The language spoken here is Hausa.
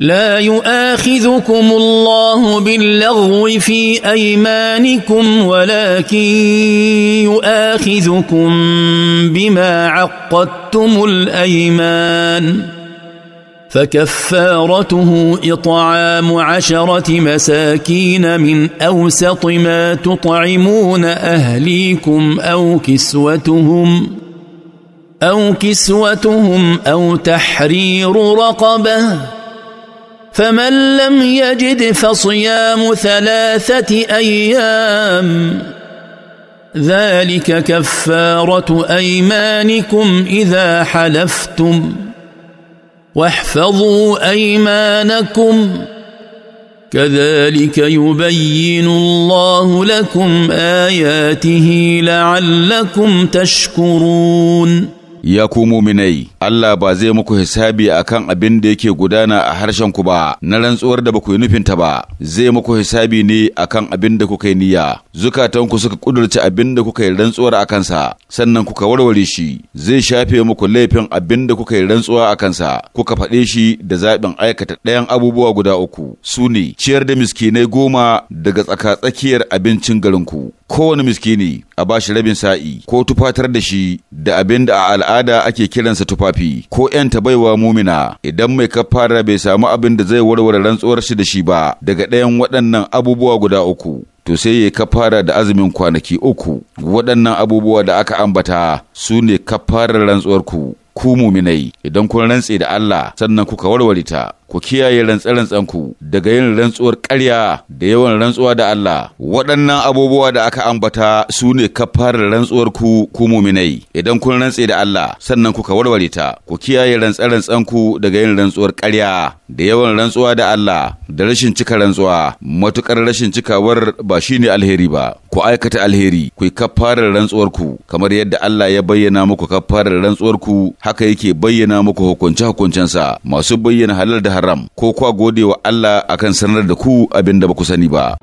لا يؤاخذكم الله باللغو في ايمانكم ولكن يؤاخذكم بما عقدتم الايمان فكفارته اطعام عشره مساكين من اوسط ما تطعمون اهليكم او كسوتهم او كسوتهم او تحرير رقبه فمن لم يجد فصيام ثلاثه ايام ذلك كفاره ايمانكم اذا حلفتم واحفظوا ايمانكم كذلك يبين الله لكم اياته لعلكم تشكرون ya ku muminai Allah ba zai muku hisabi akan abin da yake gudana a harshen ku ba na rantsuwar da ba nufin ta ta ba zai muku hisabi ne akan abin da kuka yi niyya zukatanku suka kudurci abin da kuka yi rantsuwar a kansa sannan kuka warware shi zai shafe muku laifin abin da kuka yi rantsuwa a kansa kuka faɗe shi da zaɓin aikata ɗayan abubuwa guda uku su ne ciyar da miskinai goma daga tsaka-tsakiyar abincin garinku kowane miskini a bashi rabin sa'i ko tufatar da shi da abin da a al'ada al'ada ake kiransa tufafi ko yan ta baiwa mumina idan mai kafara bai samu abin da zai warware rantsuwar shi da shi ba daga ɗayan waɗannan abubuwa guda uku. to sai ya kafara da azumin kwanaki uku waɗannan abubuwa da aka ambata su ne kafarar ku ku muminai idan kun rantse da Allah sannan kuka warware ta ku kiyaye rantse ku daga yin rantsuwar ƙarya da yawan rantsuwa da Allah waɗannan abubuwa da aka ambata su ne kafar rantsuwar ku ku muminai idan kun rantse da Allah sannan kuka warware ta ku kiyaye rantse ku daga yin rantsuwar ƙarya da yawan rantsuwa da Allah da rashin cika rantsuwa matukar rashin cikawar ba shine alheri ba ku aikata alheri ku yi kafarar rantsuwarku kamar yadda Allah ya bayyana muku kafarar rantsuwarku haka yake bayyana muku hukunce hukuncensa masu bayyana halal da haram ko kwa gode wa Allah akan sanar da ku abinda da ba ku sani ba